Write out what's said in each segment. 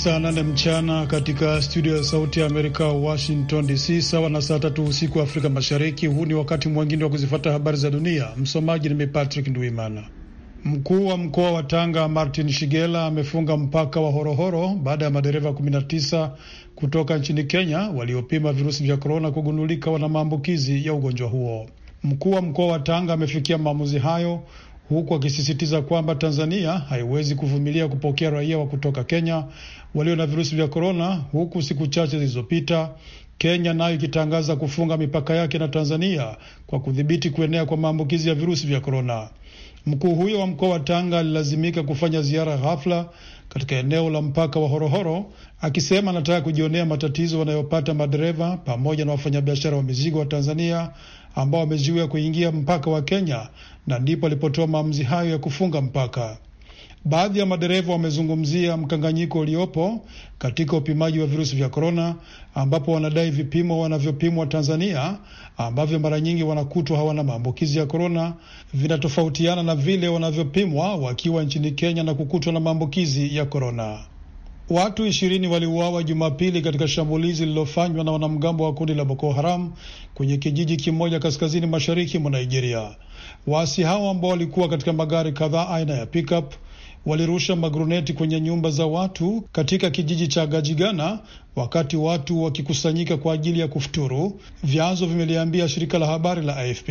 saa nane mchana katika studio ya Sauti ya Amerika, Washington DC, sawa na saa tatu usiku wa Afrika Mashariki. Huu ni wakati mwingine wa kuzifata habari za dunia. Msomaji ni mimi Patrick Ndwimana. Mkuu wa mkoa wa Tanga Martin Shigela amefunga mpaka wa Horohoro baada ya madereva 19 kutoka nchini Kenya waliopima virusi vya korona kugundulika wana maambukizi ya ugonjwa huo. Mkuu wa mkoa wa Tanga amefikia maamuzi hayo huku akisisitiza kwamba Tanzania haiwezi kuvumilia kupokea raia wa kutoka Kenya walio na virusi vya korona, huku siku chache zilizopita Kenya nayo ikitangaza kufunga mipaka yake na Tanzania kwa kudhibiti kuenea kwa maambukizi ya virusi vya korona. Mkuu huyo wa mkoa wa Tanga alilazimika kufanya ziara ghafla katika eneo la mpaka wa Horohoro akisema anataka kujionea matatizo wanayopata madereva pamoja na wafanyabiashara wa mizigo wa Tanzania ambao wamezuiwa kuingia mpaka wa Kenya, na ndipo alipotoa maamuzi hayo ya kufunga mpaka. Baadhi ya madereva wamezungumzia mkanganyiko uliopo katika upimaji wa virusi vya korona, ambapo wanadai vipimo wanavyopimwa Tanzania ambavyo mara nyingi wanakutwa hawana maambukizi ya korona vinatofautiana na vile wanavyopimwa wakiwa nchini Kenya na kukutwa na maambukizi ya korona. Watu ishirini waliuawa Jumapili katika shambulizi lililofanywa na wanamgambo wa kundi la Boko Haram kwenye kijiji kimoja kaskazini mashariki mwa Nigeria. Waasi hao ambao walikuwa katika magari kadhaa aina ya pickup walirusha magroneti kwenye nyumba za watu katika kijiji cha Gajigana wakati watu wakikusanyika kwa ajili ya kufuturu, vyanzo vimeliambia shirika la habari la AFP.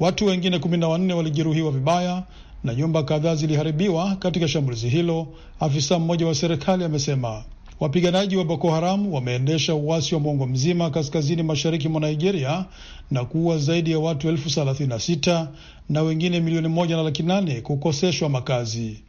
Watu wengine kumi na wanne walijeruhiwa vibaya na nyumba kadhaa ziliharibiwa katika shambulizi hilo, afisa mmoja wa serikali amesema. Wapiganaji wa Boko Haram wameendesha uasi wa mwongo mzima kaskazini mashariki mwa Nigeria na kuua zaidi ya watu elfu thelathini na sita na wengine milioni moja na laki nane kukoseshwa makazi.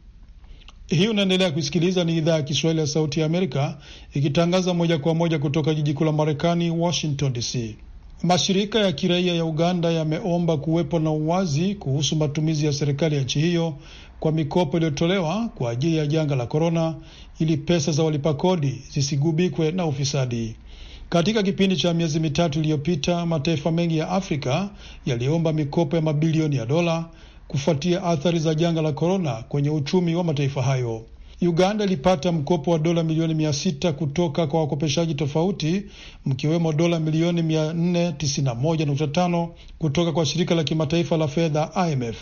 Hii unaendelea kusikiliza, ni idhaa ya Kiswahili ya Sauti ya Amerika ikitangaza moja kwa moja kutoka jiji kuu la Marekani, Washington DC. Mashirika ya kiraia ya Uganda yameomba kuwepo na uwazi kuhusu matumizi ya serikali ya nchi hiyo kwa mikopo iliyotolewa kwa ajili ya janga la korona, ili pesa za walipa kodi zisigubikwe na ufisadi. Katika kipindi cha miezi mitatu iliyopita, mataifa mengi ya Afrika yaliomba mikopo ya mabilioni ya dola kufuatia athari za janga la korona kwenye uchumi wa mataifa hayo. Uganda ilipata mkopo wa dola milioni mia sita kutoka kwa wakopeshaji tofauti mkiwemo dola milioni mia nne tisini na moja nukta tano kutoka kwa shirika la kimataifa la fedha IMF.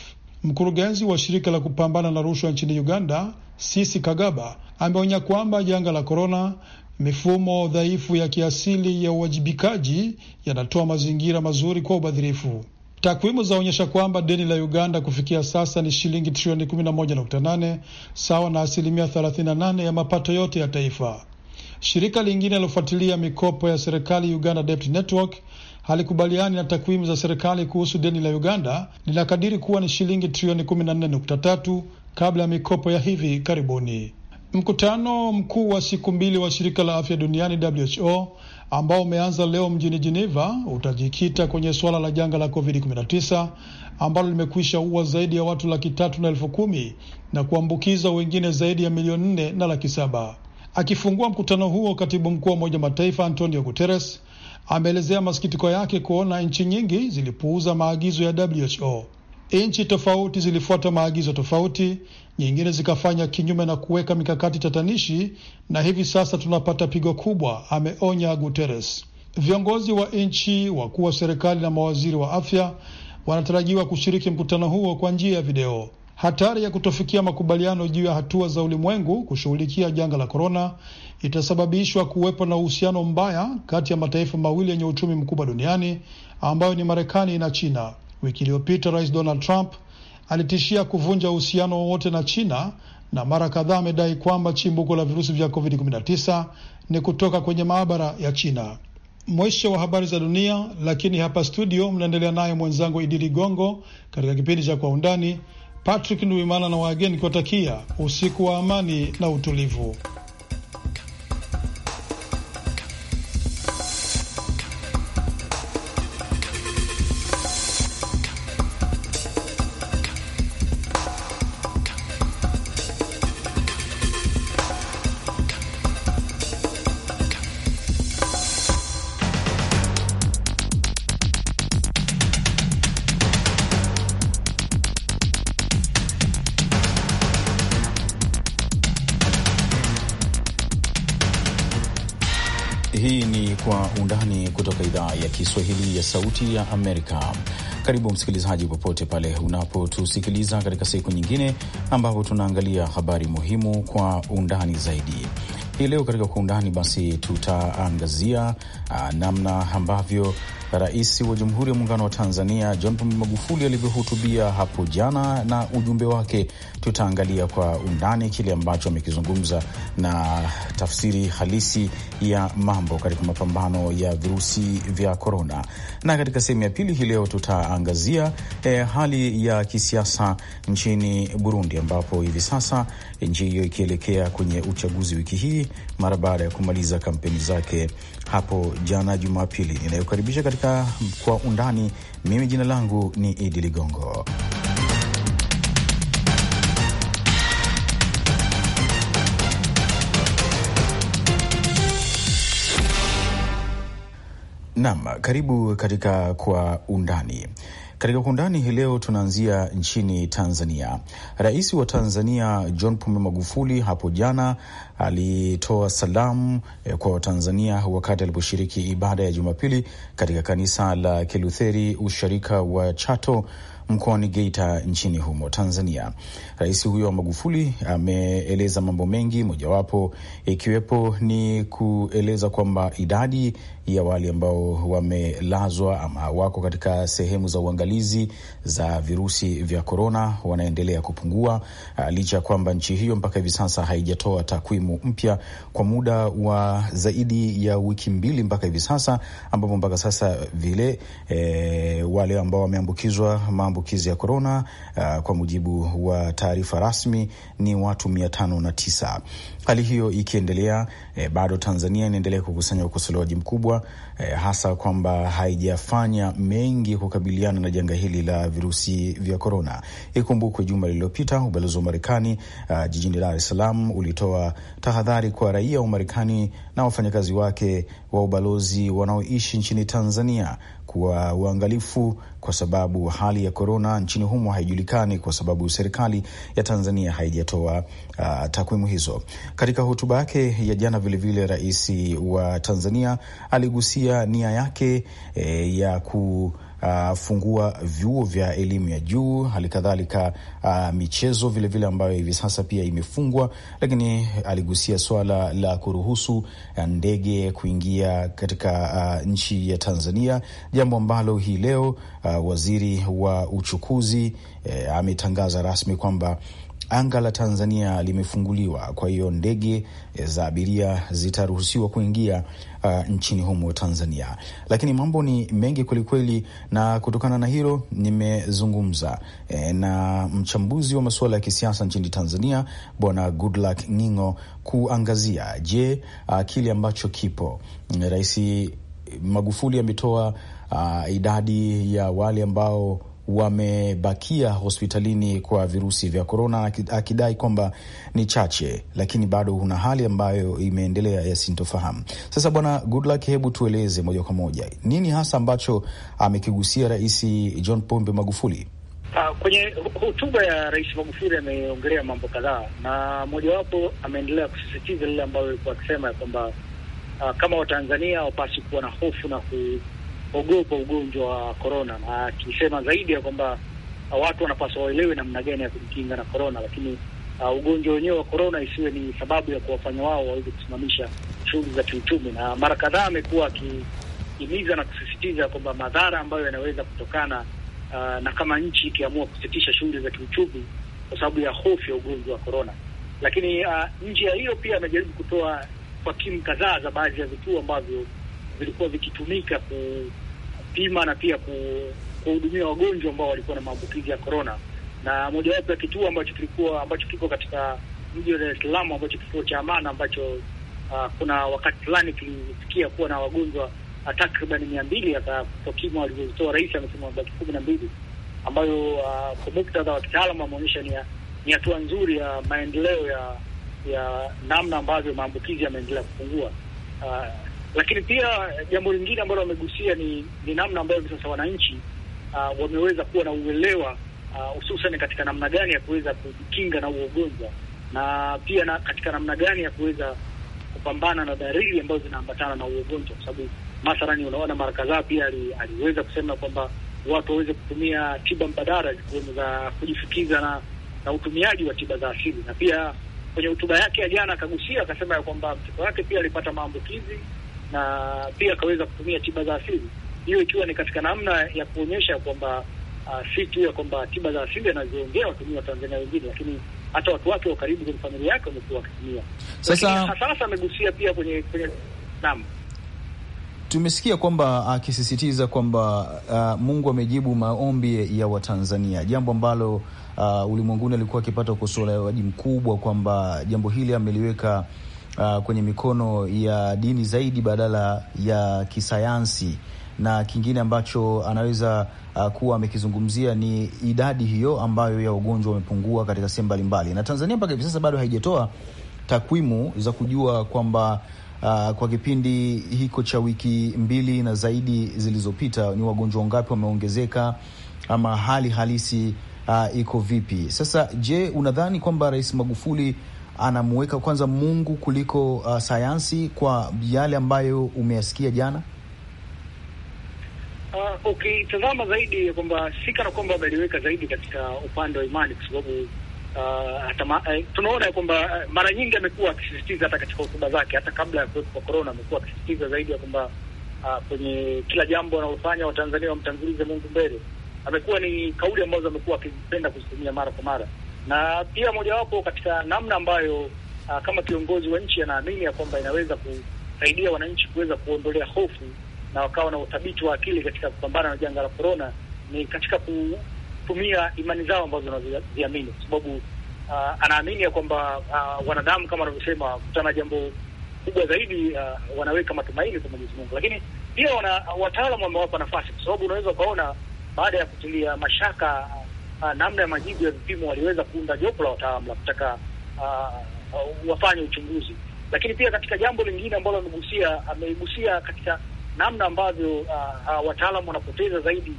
Mkurugenzi wa shirika la kupambana na rushwa nchini Uganda, Sisi Kagaba, ameonya kwamba janga la korona, mifumo dhaifu ya kiasili ya uwajibikaji yanatoa mazingira mazuri kwa ubadhirifu. Takwimu zaonyesha kwamba deni la Uganda kufikia sasa ni shilingi trilioni 11.8 sawa na asilimia 38 ya mapato yote ya taifa. Shirika lingine lilofuatilia mikopo ya serikali Uganda Debt Network halikubaliani na takwimu za serikali kuhusu deni la Uganda, linakadiri kuwa ni shilingi trilioni 14.3 kabla ya mikopo ya hivi karibuni. Mkutano mkuu wa siku mbili wa shirika la afya duniani WHO ambao umeanza leo mjini Geneva utajikita kwenye suala la janga la COVID-19 ambalo limekwisha ua zaidi ya watu laki tatu na elfu kumi na kuambukiza wengine zaidi ya milioni nne na laki saba. Akifungua mkutano huo, katibu mkuu wa Umoja Mataifa Antonio Guterres ameelezea masikitiko yake kuona nchi nyingi zilipuuza maagizo ya WHO. Nchi tofauti zilifuata maagizo tofauti, nyingine zikafanya kinyume na kuweka mikakati tatanishi, na hivi sasa tunapata pigo kubwa, ameonya Guterres. Viongozi wa nchi, wakuu wa serikali na mawaziri wa afya wanatarajiwa kushiriki mkutano huo kwa njia ya video. Hatari ya kutofikia makubaliano juu ya hatua za ulimwengu kushughulikia janga la korona itasababishwa kuwepo na uhusiano mbaya kati ya mataifa mawili yenye uchumi mkubwa duniani ambayo ni Marekani na China. Wiki iliyopita Rais Donald Trump alitishia kuvunja uhusiano wowote na China na mara kadhaa amedai kwamba chimbuko la virusi vya COVID-19 ni kutoka kwenye maabara ya China. Mwisho wa habari za dunia, lakini hapa studio mnaendelea naye mwenzangu Idi Ligongo katika kipindi cha Kwa Undani. Patrick Nduimana na wageni kiwatakia usiku wa amani na utulivu. Kiswahili ya Sauti ya Amerika. Karibu msikilizaji, popote pale unapotusikiliza katika siku nyingine ambapo tunaangalia habari muhimu kwa undani zaidi. Hii leo katika Kwa Undani basi tutaangazia ah, namna ambavyo Rais wa Jamhuri ya Muungano wa Tanzania John Pombe Magufuli alivyohutubia hapo jana na ujumbe wake tutaangalia kwa undani kile ambacho amekizungumza na tafsiri halisi ya mambo katika mapambano ya virusi vya korona, na katika sehemu ya pili hii leo tutaangazia eh, hali ya kisiasa nchini Burundi ambapo hivi sasa nchi hiyo ikielekea kwenye uchaguzi wiki hii mara baada ya kumaliza kampeni zake hapo jana Jumapili. Ninayokaribisha katika kwa undani, mimi jina langu ni Idi Ligongo. Naam, karibu katika kwa undani. Katika kwa undani hii leo tunaanzia nchini Tanzania. Rais wa Tanzania John Pombe Magufuli hapo jana alitoa salamu eh, kwa Watanzania wakati aliposhiriki ibada ya Jumapili katika kanisa la Kilutheri usharika wa Chato mkoani Geita nchini humo Tanzania. Rais huyo wa Magufuli ameeleza mambo mengi, mojawapo ikiwepo ni kueleza kwamba idadi ya wale ambao wamelazwa ama wako katika sehemu za uangalizi za virusi vya korona wanaendelea kupungua, ah, licha ya kwamba nchi hiyo mpaka hivi sasa haijatoa takwimu mpya kwa muda wa zaidi ya wiki mbili mpaka hivi sasa, ambapo mpaka sasa vile e, wale ambao wameambukizwa maambukizi ya korona ah, kwa mujibu wa taarifa rasmi ni watu mia tano na tisa. Hali hiyo ikiendelea, e, bado Tanzania inaendelea kukusanya ukosolewaji mkubwa eh, hasa kwamba haijafanya mengi kukabiliana na janga hili la virusi vya korona. Ikumbukwe juma lililopita ubalozi wa Marekani uh, jijini Dar es Salaam ulitoa tahadhari kwa raia wa Marekani na wafanyakazi wake wa ubalozi wanaoishi nchini Tanzania kwa uangalifu kwa sababu hali ya korona nchini humo haijulikani, kwa sababu serikali ya Tanzania haijatoa uh, takwimu hizo. Katika hotuba yake ya jana vilevile, rais wa Tanzania aligusia nia yake eh, ya ku uh, fungua vyuo vya elimu ya juu, kadhalika uh, michezo vilevile vile ambayo hivi sasa pia imefungwa, lakini aligusia swala la kuruhusu ndege kuingia katika uh, nchi ya Tanzania, jambo ambalo hii leo uh, waziri wa uchukuzi eh, ametangaza rasmi kwamba anga la Tanzania limefunguliwa, kwa hiyo ndege za abiria zitaruhusiwa kuingia uh, nchini humo Tanzania. Lakini mambo ni mengi kwelikweli, na kutokana na hilo nimezungumza e, na mchambuzi wa masuala ya kisiasa nchini Tanzania Bwana Goodluck Ngingo kuangazia je, uh, kile ambacho kipo Rais Magufuli ametoa uh, idadi ya wale ambao wamebakia hospitalini kwa virusi vya korona, akidai kwamba ni chache, lakini bado kuna hali ambayo imeendelea ya sintofahamu. Sasa Bwana Goodluck, hebu tueleze moja kwa moja nini hasa ambacho amekigusia Rais John Pombe Magufuli. Uh, kwenye hotuba ya Rais Magufuli ameongelea mambo kadhaa, na mojawapo ameendelea kusisitiza lile ambayo ilikuwa akisema ya kwamba uh, kama Watanzania wapasi kuwa na hofu na ku ogopa ugonjwa wa korona, na akisema zaidi ya kwamba uh, watu wanapaswa waelewe namna gani ya kujikinga na korona, lakini uh, ugonjwa wenyewe wa korona isiwe ni sababu ya kuwafanya wao waweze kusimamisha shughuli za kiuchumi. Na mara kadhaa amekuwa akihimiza na kusisitiza kwamba madhara ambayo yanaweza kutokana uh, na kama nchi ikiamua kusitisha shughuli za kiuchumi kwa sababu ya hofu ya ugonjwa wa korona. Lakini uh, nje ya hiyo pia amejaribu kutoa kwa kimu kadhaa za baadhi ya vituo ambavyo vilikuwa vikitumika kupima na pia kuwahudumia wagonjwa ambao walikuwa na maambukizi ya korona, na mojawapo ya kituo ambacho kilikuwa ambacho kiko katika mji wa Dar es Salaam ambacho kituo cha Amana ambacho uh, kuna wakati fulani kilifikia kuwa na wagonjwa ah, takriban mia mbili atakwimu alizozitoa rais amesema laki kumi na mbili ambayo uh, kwa muktadha wa kitaalamu ameonyesha ni hatua nzuri ya maendeleo ya ya namna ambavyo maambukizi yameendelea kupungua. Uh, lakini pia jambo lingine ambalo wamegusia ni, ni namna ambayo hivi sasa wananchi uh, wameweza kuwa na uelewa ah, hususan uh, katika namna gani ya kuweza kujikinga na huo ugonjwa na pia na katika namna gani ya kuweza kupambana na dalili ambazo zinaambatana na huo ugonjwa, kwa sababu mathalani, unaona mara kadhaa pia ali, aliweza kusema kwamba watu waweze kutumia tiba mbadala zikiwemo za kujifukiza na, na utumiaji wa tiba za asili. Na pia kwenye hotuba yake ya jana akagusia akasema ya kwamba mtoto wake pia alipata maambukizi na pia akaweza kutumia tiba za asili, hiyo ikiwa ni katika namna ya kuonyesha kwamba uh, si tu ya kwamba tiba za asili anaziongea watumia wa Tanzania wengine, lakini hata watu wake wa karibu kwenye familia yake wamekuwa wakitumia. Sasa sasa amegusia pia kwenye kwenye naam tumesikia kwamba ah, akisisitiza kwamba uh, Mungu amejibu maombi ya Watanzania, jambo ambalo uh, ulimwenguni alikuwa akipata ukosolewaji mkubwa kwamba jambo hili ameliweka uh, kwenye mikono ya dini zaidi badala ya kisayansi na kingine ambacho anaweza uh, kuwa amekizungumzia ni idadi hiyo ambayo ya ugonjwa umepungua katika sehemu mbalimbali, na Tanzania mpaka hivi sasa bado haijatoa takwimu za kujua kwamba uh, kwa kipindi hiko cha wiki mbili na zaidi zilizopita ni wagonjwa wangapi wameongezeka ama hali halisi uh, iko vipi sasa. Je, unadhani kwamba Rais Magufuli anamuweka kwanza Mungu kuliko uh, sayansi kwa yale ambayo umeyasikia jana? Uh, ukitazama uh, okay, zaidi ya kwamba si kana kwamba ameliweka zaidi katika upande wa imani, kwa sababu uh, uh, tunaona ya kwamba uh, mara nyingi amekuwa akisisitiza hata katika hotuba zake, hata kabla ya kuwepo kwa korona, amekuwa akisisitiza zaidi ya kwamba uh, kwenye kila jambo wanalofanya Watanzania wamtangulize Mungu mbele. Amekuwa ni kauli ambazo amekuwa akipenda kuzitumia mara kwa mara na pia mojawapo katika namna ambayo uh, kama kiongozi wa nchi anaamini ya kwamba inaweza kusaidia wananchi kuweza kuondolea hofu na wakawa na uthabiti wa akili katika kupambana na janga la korona ni katika kutumia imani zao ambazo wanaziamini, kwa sababu uh, anaamini ya kwamba uh, wanadamu kama wanavyosema kutana jambo kubwa zaidi uh, wanaweka matumaini kwa Mwenyezi Mungu, lakini pia wana wataalamu wamewapa nafasi, kwa sababu unaweza ukaona baada ya kutilia mashaka uh, namna ya majibu ya vipimo, waliweza kuunda jopo la wataalamu la kutaka uh, wafanye uchunguzi. Lakini pia katika jambo lingine ambalo amegusia ameigusia katika namna ambavyo uh, uh, wataalamu wanapoteza zaidi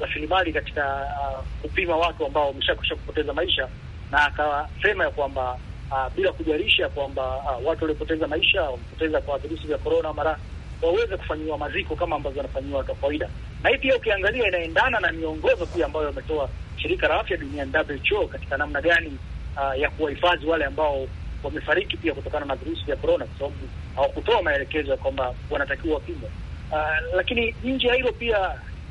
rasilimali katika uh, kupima watu ambao wameshakwisha kupoteza maisha, na akasema ya kwamba uh, bila kujarisha kwamba uh, watu waliopoteza maisha wamepoteza kwa virusi vya korona mara waweze kufanyiwa maziko kama ambavyo wanafanyiwa watu wa kawaida na hii pia ukiangalia inaendana na miongozo pia ambayo wametoa shirika la afya duniani WHO katika namna gani uh, ya kuwahifadhi wale ambao wamefariki pia kutokana na virusi vya korona, kwa sababu hawakutoa maelekezo ya kwamba wanatakiwa wapimwe. Uh, lakini nje ya hilo pia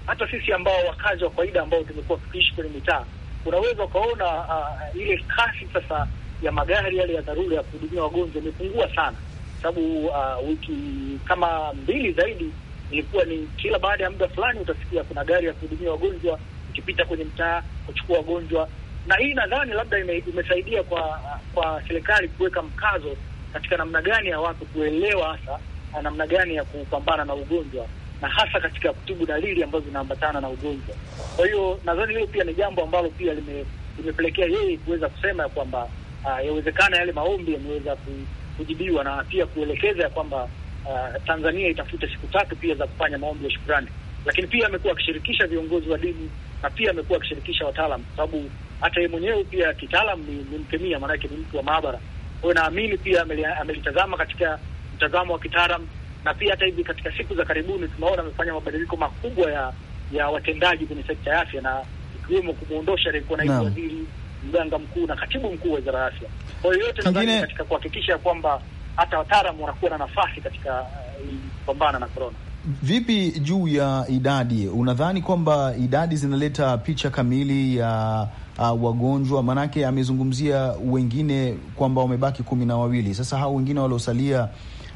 hata sisi ambao wakazi wa kawaida ambao tumekuwa tukiishi kwenye mitaa, unaweza ukaona uh, ile kasi sasa ya magari yale ya dharura ya kuhudumia wagonjwa imepungua sana, sababu uh, wiki kama mbili zaidi ilikuwa ni kila baada ya muda fulani utasikia kuna gari ya kuhudumia wagonjwa ikipita kwenye mtaa kuchukua wagonjwa, na hii nadhani labda ime, imesaidia kwa kwa serikali kuweka mkazo katika namna gani ya watu kuelewa hasa na namna gani ya kupambana na ugonjwa na hasa katika kutibu dalili ambazo zinaambatana na ugonjwa. Kwa hiyo nadhani hilo pia ni jambo ambalo pia lime, limepelekea yeye kuweza kusema ya kwamba ah, yawezekana yale maombi yameweza kujibiwa na pia kuelekeza ya kwamba uh, Tanzania itafute siku tatu pia za kufanya maombi ya shukrani, lakini pia amekuwa akishirikisha viongozi wa dini na pia amekuwa akishirikisha wataalam, kwa sababu hata yeye mwenyewe pia kitaalam ni, ni mkemia, maanake ni mtu wa maabara. Kwa hiyo naamini pia amelitazama katika mtazamo wa kitaalam, na pia hata hivi katika siku za karibuni tunaona amefanya mabadiliko makubwa ya ya watendaji kwenye sekta ya afya na ikiwemo kumwondosha aliyekuwa naibu waziri, mganga mkuu na katibu mkuu wa wizara ya afya. Kwa hiyo yote katika kuhakikisha kwamba hata wataalamu wanakuwa na nafasi katika uh, kupambana na korona. Vipi juu ya idadi, unadhani kwamba idadi zinaleta picha kamili ya uh, wagonjwa? Maanake amezungumzia wengine kwamba wamebaki kumi na wawili. Sasa hao wengine waliosalia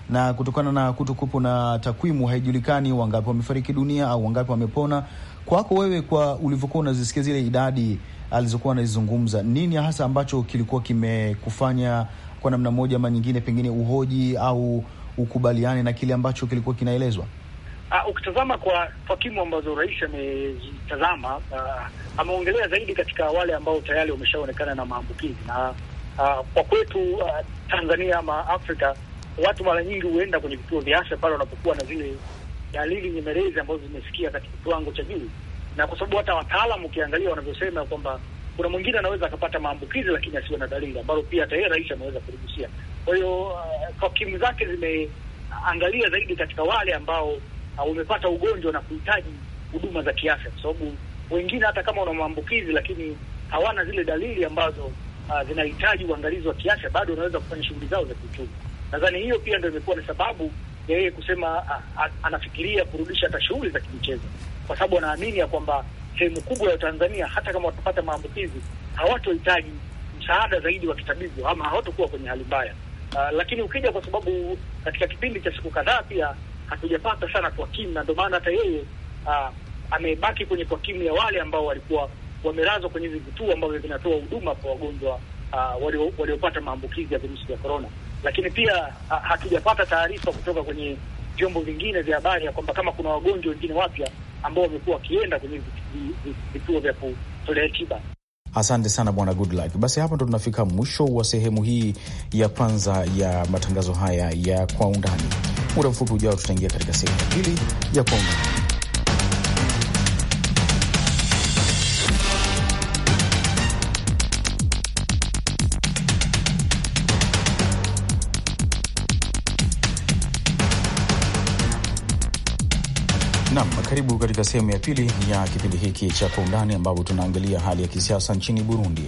na kutokana na kutokupo na takwimu haijulikani wangapi wamefariki dunia au wangapi wamepona. Kwako wewe, kwa ulivyokuwa unazisikia zile idadi alizokuwa anazizungumza, nini hasa ambacho kilikuwa kimekufanya kwa namna moja ama nyingine, pengine uhoji au ukubaliane na kile ambacho kilikuwa kinaelezwa? Uh, ukitazama kwa takwimu ambazo rais amezitazama, uh, ameongelea zaidi katika wale ambao tayari wameshaonekana na maambukizi na uh, kwa kwetu uh, Tanzania ama Afrika, watu mara nyingi huenda kwenye vituo vya afya pale wanapokuwa na zile dalili nyemelezi ambazo zimesikia katika kiwango cha juu, na kwa sababu hata wataalamu ukiangalia wanavyosema kwamba kuna mwingine anaweza akapata maambukizi lakini asiwe na dalili, ambalo pia hata yeye rais ameweza kurudishia. Kwa hiyo uh, takwimu zake zimeangalia zaidi katika wale ambao uh, wamepata ugonjwa na kuhitaji huduma za kiafya, kwa sababu wengine hata kama una maambukizi lakini hawana zile dalili ambazo uh, zinahitaji uangalizi wa kiafya, bado wanaweza kufanya shughuli zao za kiuchumi. Nadhani hiyo pia ndio imekuwa ni sababu ya yeye kusema uh, uh anafikiria kurudisha hata shughuli za kimichezo, kwa sababu anaamini ya kwamba sehemu kubwa ya Tanzania, hata kama watapata maambukizi hawatohitaji msaada zaidi wa kitabibu ama hawatokuwa kwenye hali mbaya. Uh, lakini ukija kwa sababu katika kipindi cha siku kadhaa pia hatujapata sana kwa kimu, na ndio maana hata yeye uh, amebaki kwenye kwa kimu ya wale ambao walikuwa wamelazwa kwenye hivi vituo ambavyo vinatoa huduma kwa wagonjwa uh, waliopata maambukizi ya virusi vya korona. Lakini pia uh, hatujapata taarifa kutoka kwenye vyombo vingine vya habari ya kwamba kama kuna wagonjwa wengine wapya ambao wamekuwa wakienda kwenye vituo vya kutolea tiba. Asante sana bwana Goodluck. Basi hapa ndo tunafika mwisho wa sehemu hii ya kwanza ya matangazo haya ya kwa undani. Muda mfupi ujao, tutaingia katika sehemu ya pili ya kwa undani. Karibu katika sehemu ya pili ya kipindi hiki cha Kwa Undani, ambapo tunaangalia hali ya kisiasa nchini Burundi.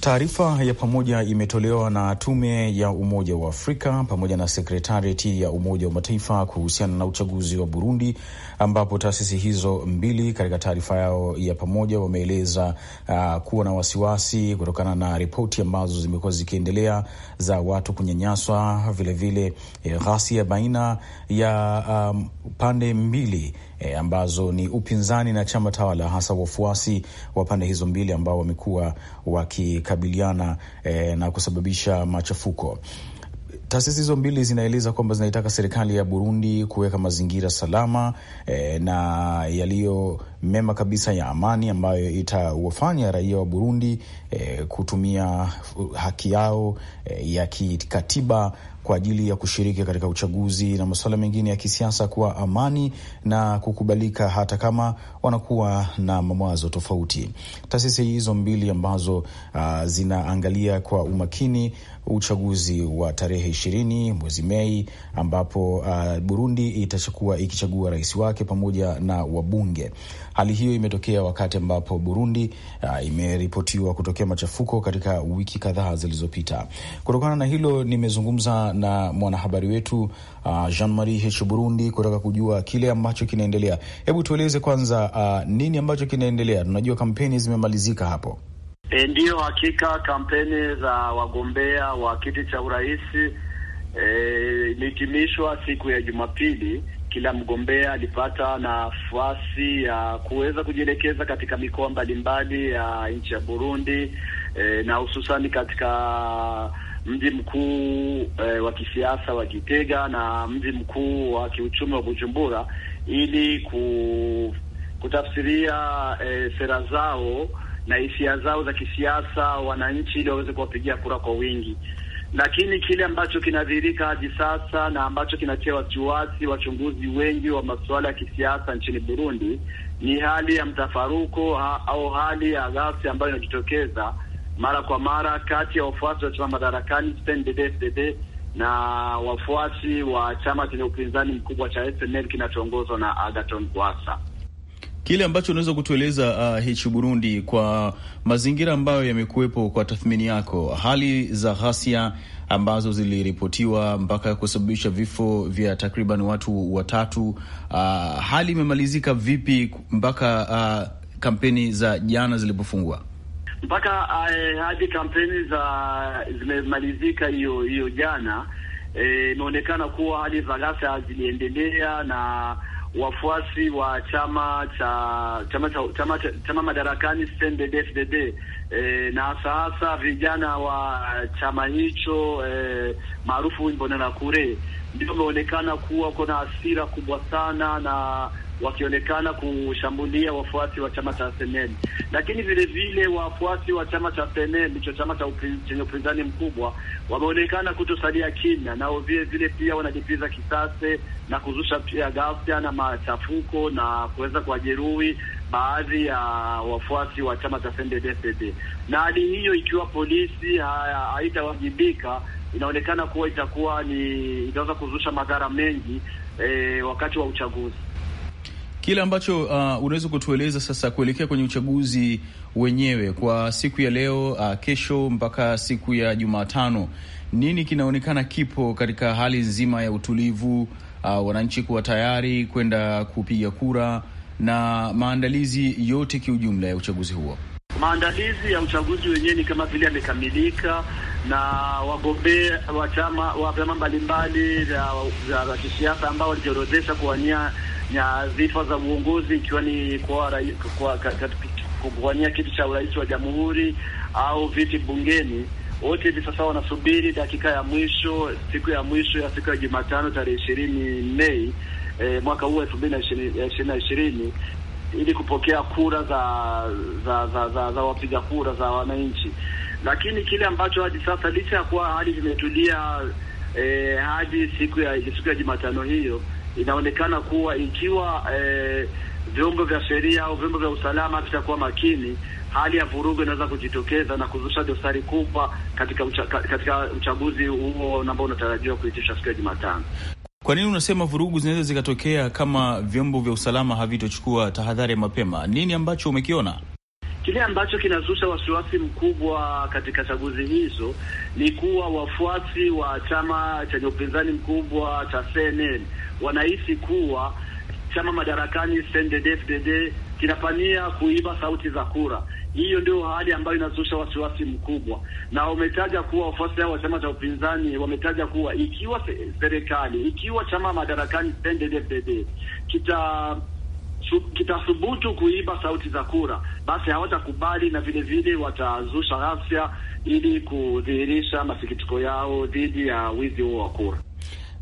Taarifa ya pamoja imetolewa na Tume ya Umoja wa Afrika pamoja na Sekretarieti ya Umoja wa Mataifa kuhusiana na uchaguzi wa Burundi, ambapo taasisi hizo mbili katika taarifa yao ya pamoja wameeleza uh, kuwa na wasiwasi kutokana na ripoti ambazo zimekuwa zikiendelea za watu kunyanyaswa, vilevile eh, ghasia baina ya um, pande mbili e, ambazo ni upinzani na chama tawala, hasa wafuasi wa pande hizo mbili ambao wamekuwa wakikabiliana e, na kusababisha machafuko. Taasisi hizo mbili zinaeleza kwamba zinaitaka serikali ya Burundi kuweka mazingira salama e, na yaliyo mema kabisa ya amani ambayo itawafanya raia wa Burundi e, kutumia haki yao e, ya kikatiba kwa ajili ya kushiriki katika uchaguzi na masuala mengine ya kisiasa kwa amani na kukubalika, hata kama wanakuwa na mawazo tofauti. Taasisi hizo mbili ambazo uh, zinaangalia kwa umakini uchaguzi wa tarehe ishirini mwezi Mei ambapo uh, Burundi itakuwa ikichagua rais wake pamoja na wabunge. Hali hiyo imetokea wakati ambapo Burundi uh, imeripotiwa kutokea machafuko katika wiki kadhaa zilizopita. Kutokana na hilo, nimezungumza na mwanahabari wetu uh, ah, Jean Marie H Burundi kutaka kujua kile ambacho kinaendelea. Hebu tueleze kwanza, uh, nini ambacho kinaendelea? Tunajua kampeni zimemalizika hapo. E, ndiyo hakika kampeni za wagombea wa kiti cha urais e, siku ya Jumapili kila mgombea alipata nafasi ya kuweza kujielekeza katika mikoa mbalimbali ya nchi ya Burundi e, na hususani katika mji mkuu e, wa kisiasa wa Gitega na mji mkuu wa kiuchumi wa Bujumbura ili ku, kutafsiria e, sera zao na hisia zao za kisiasa wananchi ili waweze kuwapigia kura kwa wingi lakini kile ambacho kinadhihirika hadi sasa na ambacho kinatia wasiwasi wachunguzi wengi wa masuala ya kisiasa nchini Burundi ni hali ya mtafaruko ha, au hali ya ghasia ambayo inajitokeza mara kwa mara kati ya wafuasi wa chama madarakani CNDD-FDD na wafuasi wa chama chenye upinzani mkubwa cha SNL kinachoongozwa na Agathon Rwasa. Kile ambacho unaweza kutueleza uh, hichi Burundi kwa mazingira ambayo yamekuwepo, kwa tathmini yako, hali za ghasia ambazo ziliripotiwa mpaka kusababisha vifo vya takriban watu watatu, uh, hali imemalizika vipi mpaka uh, kampeni za jana zilipofungwa? Mpaka uh, hadi kampeni za zimemalizika hiyo hiyo jana, eh, imeonekana eh, kuwa hali za ghasia ziliendelea na wafuasi wa chama cha chama cha chama, chama madarakani CNDD-FDD e, na hasa hasa vijana wa chama hicho e, maarufu Imbonerakure ndio umeonekana kuwa kuna hasira kubwa sana na wakionekana kushambulia wafuasi wa chama cha SNL, lakini vile vile wafuasi wa chama cha SNL ndicho chama cha upin, chenye upinzani mkubwa wameonekana kutosalia kimya, nao vile vile pia wanajipiza kisasi na kuzusha pia ghasia na machafuko na kuweza kuwajeruhi baadhi ya wafuasi wa chama cha CNDD-FDD, na hali hiyo ikiwa polisi haitawajibika inaonekana kuwa itakuwa ni itaweza kuzusha madhara mengi e, wakati wa uchaguzi. Kile ambacho uh, unaweza kutueleza sasa kuelekea kwenye uchaguzi wenyewe kwa siku ya leo uh, kesho mpaka siku ya Jumatano, nini kinaonekana kipo katika hali nzima ya utulivu uh, wananchi kuwa tayari kwenda kupiga kura na maandalizi yote kiujumla ya uchaguzi huo? Maandalizi ya uchaguzi wenyewe ni kama vile yamekamilika na wagombea wa chama wa vyama mbalimbali vya kisiasa ambao walijiorodhesha kuwania nyadhifa za uongozi ikiwa ni kuwania kiti cha urais wa jamhuri au viti bungeni, wote hivi sasa wanasubiri dakika ya mwisho, siku ya mwisho ya siku ya Jumatano tarehe ishirini Mei eh, mwaka huu elfu mbili na ishirini ili kupokea kura za za za, za, za wapiga kura za wananchi, lakini kile ambacho hadi sasa licha ya kuwa hali zimetulia eh, hadi siku ya siku ya Jumatano hiyo inaonekana kuwa ikiwa eh, vyombo vya sheria au vyombo vya usalama vitakuwa makini, hali ya vurugu inaweza kujitokeza na kuzusha dosari kubwa katika ucha, katika uchaguzi huo ambao unatarajiwa kuitisha siku ya Jumatano. Kwa nini unasema vurugu zinaweza zikatokea kama vyombo vya usalama havitochukua tahadhari mapema? Nini ambacho umekiona? Kile ambacho kinazusha wasiwasi mkubwa katika chaguzi hizo ni kuwa wafuasi wa chama chenye upinzani mkubwa cha CNN wanahisi kuwa chama madarakani CNDD-FDD kinapania kuiba sauti za kura. Hiyo ndio hali ambayo inazusha wasiwasi mkubwa, na wametaja kuwa wafuasi hao wa chama cha upinzani wametaja kuwa ikiwa serikali, ikiwa chama madarakani CNDD-FDD kita kitathubutu kuiba sauti za kura, basi hawatakubali na vile vile watazusha ghasia ili kudhihirisha masikitiko yao dhidi ya wizi huo wa kura.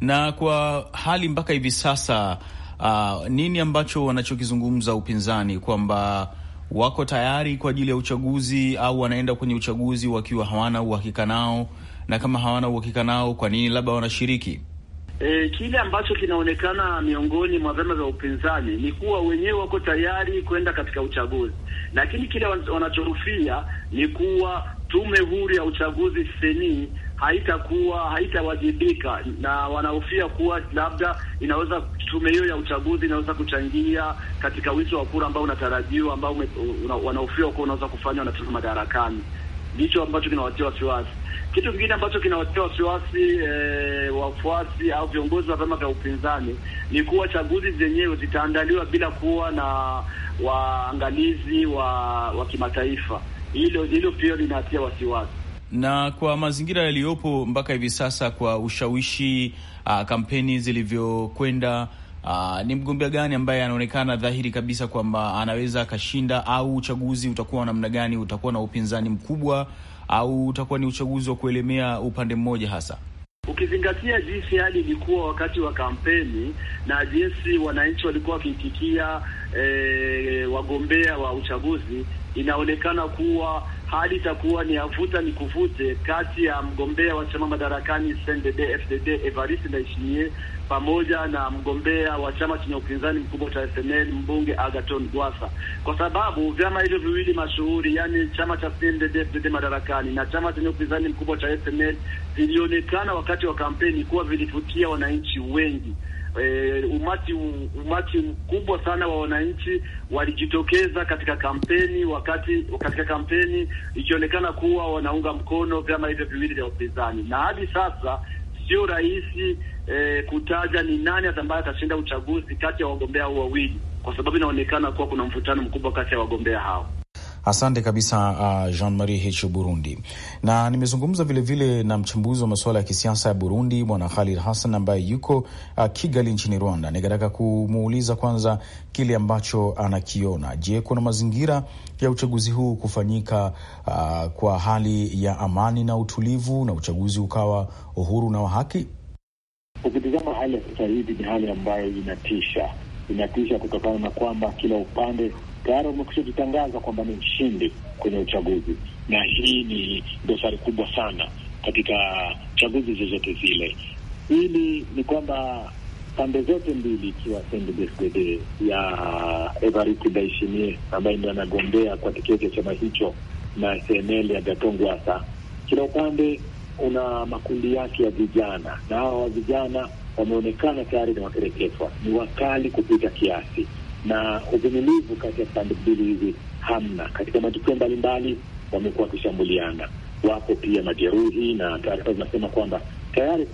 Na kwa hali mpaka hivi sasa, uh, nini ambacho wanachokizungumza upinzani kwamba wako tayari kwa ajili ya uchaguzi au wanaenda kwenye uchaguzi wakiwa hawana uhakika nao, na kama hawana uhakika nao, kwa nini labda wanashiriki? E, kile ambacho kinaonekana miongoni mwa vyama vya upinzani ni kuwa wenyewe wako tayari kwenda katika uchaguzi, lakini kile wanachohofia ni kuwa tume huru ya uchaguzi seni haitakuwa haitawajibika, na wanahofia kuwa labda inaweza tume hiyo ya uchaguzi inaweza kuchangia katika wizo wa kura ambao unatarajiwa ambao wanahofia kuwa unaweza kufanywa na tume madarakani. Ndicho ambacho kinawatia wasiwasi. Kitu kingine ambacho kinawatia wasiwasi e, wafuasi au viongozi wa vyama vya upinzani ni kuwa chaguzi zenyewe zitaandaliwa bila kuwa na waangalizi wa, wa kimataifa. Hilo hilo pia linatia wasiwasi na kwa mazingira yaliyopo mpaka hivi sasa, kwa ushawishi uh, kampeni zilivyokwenda Uh, ni mgombea gani ambaye anaonekana dhahiri kabisa kwamba anaweza akashinda, au uchaguzi utakuwa namna gani? Utakuwa na upinzani mkubwa au utakuwa ni uchaguzi wa kuelemea upande mmoja, hasa ukizingatia jinsi hali ilikuwa wakati wa kampeni na jinsi wananchi walikuwa wakiitikia e, wagombea wa uchaguzi, inaonekana kuwa hali itakuwa ni avuta ni kuvute kati ya mgombea wa chama madarakani CNDD FDD Evariste Ndayishimiye pamoja na mgombea wa chama chenye upinzani mkubwa cha SNL mbunge agaton Gwasa, kwa sababu vyama hivyo viwili mashuhuri, yani chama cha CNDD FDD madarakani na chama chenye upinzani mkubwa cha SNL vilionekana wakati wa kampeni kuwa vilivutia wananchi wengi e, umati umati mkubwa sana wa wananchi walijitokeza katika kampeni, wakati katika kampeni ikionekana kuwa wanaunga mkono vyama hivyo viwili vya upinzani, na hadi sasa sio rahisi e, kutaja ni nani ambaye atashinda uchaguzi kati ya wagombea hao wawili, kwa sababu inaonekana kuwa kuna mvutano mkubwa kati ya wagombea hao. Asante kabisa uh, Jean Marie Hichu Burundi. Na nimezungumza vilevile na mchambuzi wa masuala ya kisiasa ya Burundi Bwana Khalid Hassan ambaye yuko uh, Kigali nchini Rwanda. Nikataka kumuuliza kwanza kile ambacho anakiona. Je, kuna mazingira ya uchaguzi huu kufanyika uh, kwa hali ya amani na utulivu na uchaguzi ukawa uhuru na wa haki? Ukitizama hali ya sasa hivi ni hali ambayo inatisha, inatisha kutokana na kwamba kila upande tayari wamekusha jitangaza kwamba ni mshindi kwenye uchaguzi, na hii ni dosari kubwa sana katika chaguzi zozote zile. Hili ni kwamba pande zote mbili, ikiwa CNDD-FDD ya Evariste Ndayishimiye ambaye ndio anagombea kwa tiketi ya chama hicho na CNL ya Agathon Rwasa, kila upande una makundi yake ya vijana, na hawa vijana wameonekana tayari ni wakereketwa, ni wakali kupita kiasi na uvumilivu kati ya pande mbili hizi hamna. Katika matukio mbalimbali wamekuwa wakishambuliana, wapo pia majeruhi, na taarifa zinasema kwamba tayari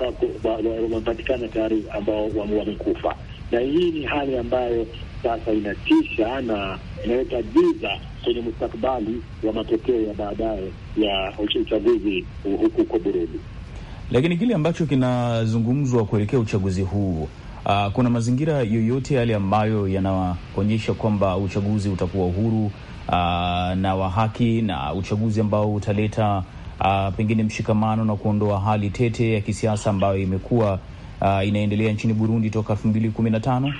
wamepatikana tayari ambao wamekufa, na hii ni hali ambayo sasa inatisha na inaleta giza kwenye mustakabali wa matokeo ya baadaye ya uchaguzi huko Burundi. Lakini kile ambacho kinazungumzwa kuelekea uchaguzi huu uh, kuna mazingira yoyote yale ambayo yanaonyesha kwamba uchaguzi utakuwa uhuru uh, na wa haki na uchaguzi ambao utaleta uh, pengine mshikamano na kuondoa hali tete ya kisiasa ambayo imekuwa uh, inaendelea nchini Burundi toka elfu mbili kumi na tano?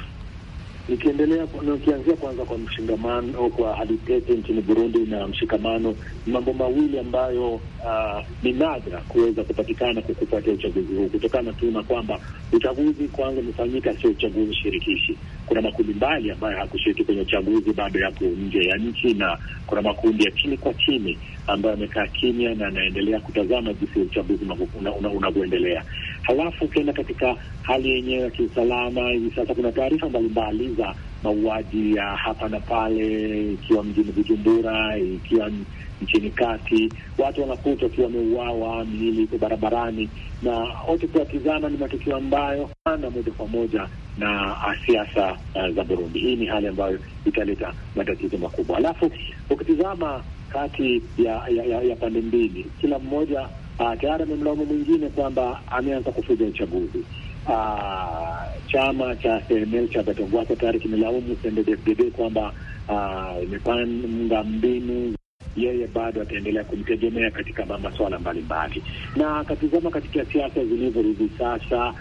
Nikiendelea nikianzia kwanza kwa mshikamano, kwa hali tete nchini Burundi na mshikamano, mambo mawili ambayo uh, ni nadra kuweza kupatikana kwa kufuatia uchaguzi huu, kutokana tu na kwamba uchaguzi kwanza umefanyika, sio uchaguzi shirikishi. Kuna makundi mbali ambayo hakushiriki kwenye uchaguzi, bado yapo nje ya nchi, na kuna makundi ya chini kwa chini ambayo amekaa kimya na anaendelea kutazama jinsi uchaguzi unavyoendelea una, una Halafu ukienda katika hali yenyewe ya kiusalama, hivi sasa kuna taarifa mbalimbali za mauaji ya hapa na pale, ikiwa mjini Bujumbura, ikiwa nchini kati, watu wanakuta wakiwa wameuawa, miili iko barabarani, na wote kuwatizama ni matukio ambayo ana moja kwa moja na siasa uh, za Burundi. Hii ni hali ambayo italeta matatizo makubwa. Alafu ukitizama kati ya, ya, ya, ya pande mbili, kila mmoja Ah, tayari amemlaumu mwingine kwamba ameanza kufuja uchaguzi. Ah, chama cha CNL cha Betogwaso tayari kimelaumu CNDD-FDD kwamba ah, imepanga mbinu yeye bado ataendelea kumtegemea katika masuala mbalimbali, na akatizama katika siasa zilivyo hivi sasa,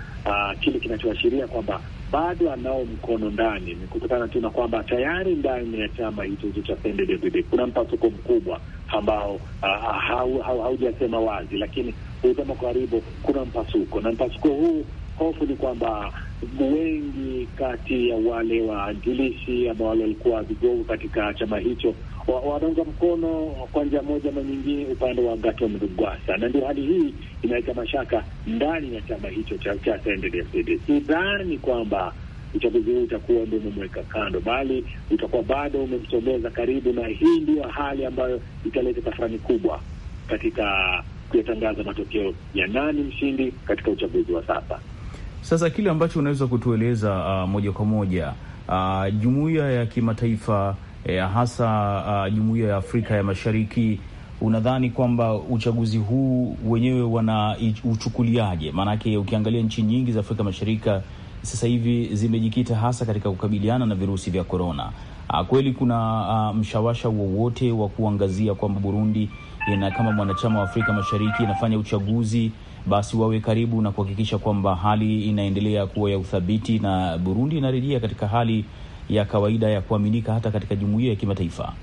kile kinachoashiria kwamba bado anao mkono ndani, ni kutokana tu na kwamba tayari ndani ya chama hicho hicho cha CNDD-FDD kuna mpasuko mkubwa ambao uh, haujasema wazi, lakini kwa karibu kuna mpasuko, na mpasuko huu hofu ni kwamba wengi kati ya wale waanzilishi ama wale walikuwa vigogo katika chama hicho wanaunga mkono kwa njia moja ama nyingine upande wa Agathon Rwasa, na ndio hali hii inaweka mashaka ndani ya chama hicho cha CNDD-FDD. Sidhani kwamba uchaguzi huu utakuwa ndio umemweka kando, bali utakuwa bado umemsogeza karibu, na hii ndio hali ambayo italeta tafrani kubwa katika kuyatangaza matokeo ya nani mshindi katika uchaguzi wa sasa. Sasa kile ambacho unaweza kutueleza uh, moja kwa moja uh, jumuiya ya kimataifa eh, hasa jumuiya ya Afrika ya Mashariki, unadhani kwamba uchaguzi huu wenyewe wanauchukuliaje? Maanake ukiangalia nchi nyingi za Afrika Mashariki sasa hivi zimejikita hasa katika kukabiliana na virusi vya korona. Kweli kuna uh, mshawasha wowote wa kuangazia kwamba Burundi ina kama mwanachama wa Afrika Mashariki inafanya uchaguzi, basi wawe karibu na kuhakikisha kwamba hali inaendelea kuwa ya uthabiti na Burundi inarejea katika hali ya kawaida ya kuaminika hata katika jumuiya ya kimataifa?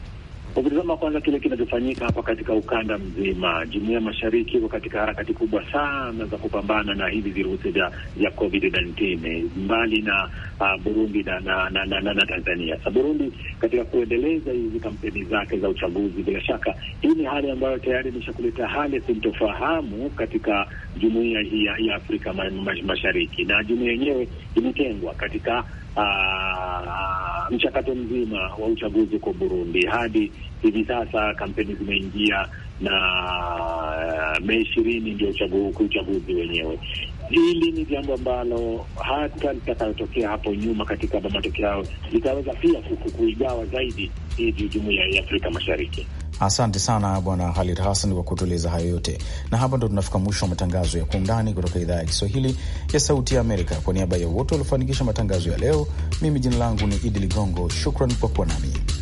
Ukitizama kwanza kile kinachofanyika hapa katika ukanda mzima, jumuiya mashariki iko katika harakati kubwa sana za kupambana na hivi virusi vya covid 19, mbali na uh, Burundi na, na, na, na, na, na Tanzania. Sa Burundi katika kuendeleza hizi kampeni zake za uchaguzi, bila shaka hii ni hali ambayo tayari imesha kuleta hali ya sintofahamu katika jumuiya hii ya Afrika ma, ma, Mashariki, na jumuiya yenyewe imetengwa katika Ah, mchakato mzima wa uchaguzi kwa Burundi hadi hivi sasa. Kampeni zimeingia na ah, Mei ishirini ndio uchaguzi wenyewe. Hili ni jambo ambalo hata litakayotokea hapo nyuma katika matokeo hayo litaweza pia kuigawa zaidi hii jumuiya ya Afrika Mashariki. Asante sana Bwana Halid Hassan kwa kutueleza hayo yote, na hapa ndo tunafika mwisho wa matangazo ya Kwa Undani kutoka idhaa ya Kiswahili ya Sauti ya Amerika. Kwa niaba ya wote waliofanikisha matangazo ya leo, mimi jina langu ni Idi Ligongo. Shukran kwa kuwa nami.